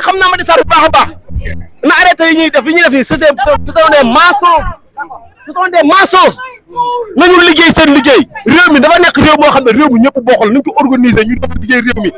donc xam naa Macky Sall bu baax a baax na arrêté yi ñuy def yi ñuy def yi c'est des mensonges ce sont des mensonges nañu liggéey seen liggéey réew mi dafa nekk réew moo xam ne réew mi ñëpp bokkal nañ ko organiser ñu liggéey réew mi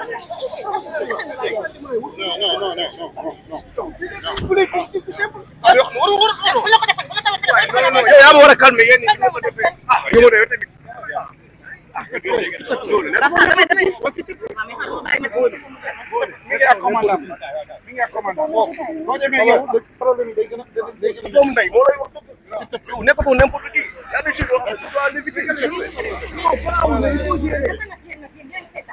yaa ma war a calmer yéen ñi ma defee ah yow de yow tamit mi ngi ak commandant mi ngi ak commandant boo demee yow problème day gën a day gën a doomu ndey moo lay wax dëgg nekk foofu n'importe qui yaa ngi si doon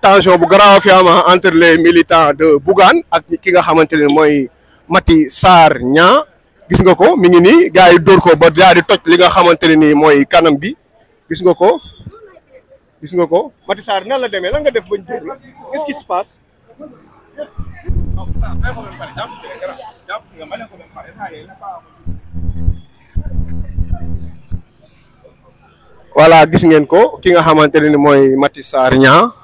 tension bu gara fi am entre les militants de ak ki nga xamante ne mooy Mati saar ñaa gis nga ko mi ngi nii gars yi dóor ko ba daal di li nga xamante ne nii mooy kanam bi gis nga ko gis nga ko Mati Sarr nan la demee la nga def bañ dóor la quest gis ngeen ko ki nga xamante ne ni mooy Mati Sarr ñaa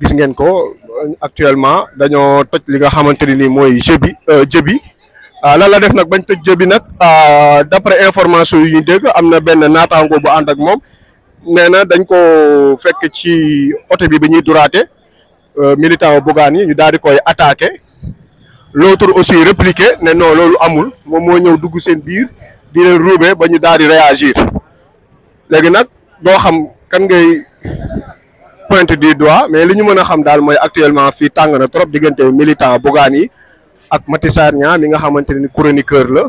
gis ngeen ko actuellement dañoo toj li nga xamante ni nii mooy jeu bi euh, jeu bi ah, lan la def nag bañ toj jeu bi nag ah, d'après information yu ñu dégg am na benn naataango bu ànd ak moom nee na dañ ko fekk ci oto bi bi ñuy duraate euh, militant wu Bougane yi ñu daal di koy attaqué l'autre aussi répliqué ne non loolu amul moom moo ñëw dugg seen biir di leen ruube ba ñu daal di réagir léegi nag doo xam kan ngay pointe du doigt mais li ñu mën a xam daal mooy actuellement fii tàng na trop diggante militant Bougane yi ak Maty Sarr Niang nga xamante ni chroniqueur la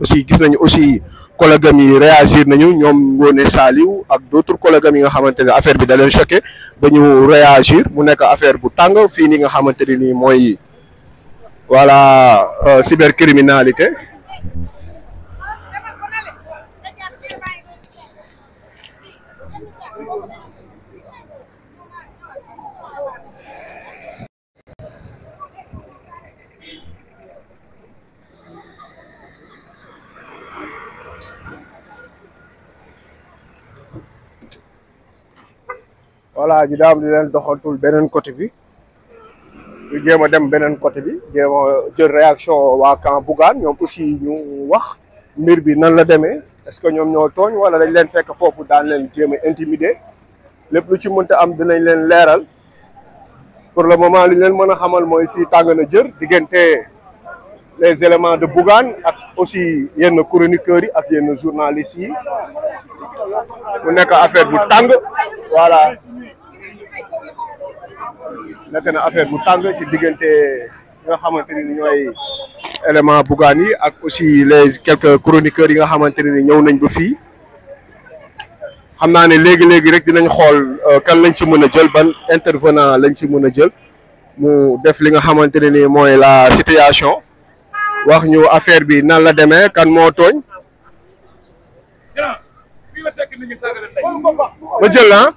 aussi gis nañu aussi collègue yi réagir nañu ñoom Ngoné Saliou ak d'autres collègues am yi nga xamante ne affaire bi da leen choqué ba réagir mu nekk affaire bu tàng fii ni nga xamante ni nii mooy voilà euh, cybercriminalité voilà ñu daam di leen doxatul beneen côté bi ñu a dem beneen côté bi jéem a jël réaction waa camp Bougane ñoom aussi ñu wax mbir bi nan la demee parce que ñoom ñoo tooñ wala dañ leen fekk foofu daan leen jéem a intimider lépp lu ci mënta am dinañ leen leeral pour le moment li leen mën a xamal mooy fii tàng na jër diggante les éléments de Bougane ak aussi yenn chroniqueurs yi ak yenn journalistes yi mu nekk affaire bu tàng voilà nekk na affaire bu tàng ci diggante nga xamante ni ñooy élément Bougane yi ak aussi les quelques chroniqueurs yi nga xamante ne ni ñëw nañ ba fii xam naa ne léegi léegi rek dinañ xool euh, kan lañ ci mën a jël ban intervenant lañ ci mën a jël mu def li nga xamante ne ni mooy la situation wax ñu affaire bi nan la demee kan moo tooñ. ba jël ah.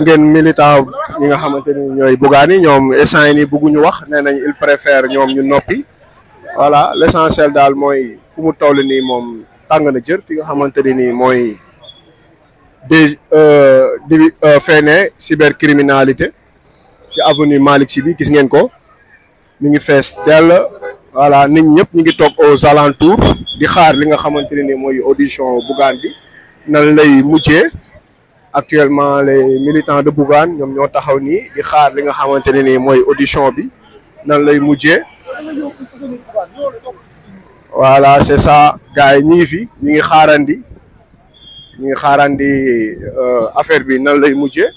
ngeen militant ñi nga xamante ni ñooy bugaani ñoom instant yi nii bëgguñu wax nee il préfère ñoom ñu noppi. voilà l' essentiel daal mooy fu mu toll nii moom tàng na jër fi nga xamante ne nii mooy des euh, di euh, fene cybercriminalité ci avenue Malick bi gis ngeen ko mi ngi fees dell voilà nit ñëpp ñu ngi toog aux alentours di xaar li nga xamante ne nii mooy audition Bougane bi nan lay mujjee actuellement les militants de Bougane ñoom ñoo taxaw nii di xaar li nga xamante ne nii mooy audition bi nan lay mujjee. voilà c'est ça gars yi ñu ngi fi ñu ngi xaarandi ñu ngi xaarandi euh, affaire bi nan lay mujjee.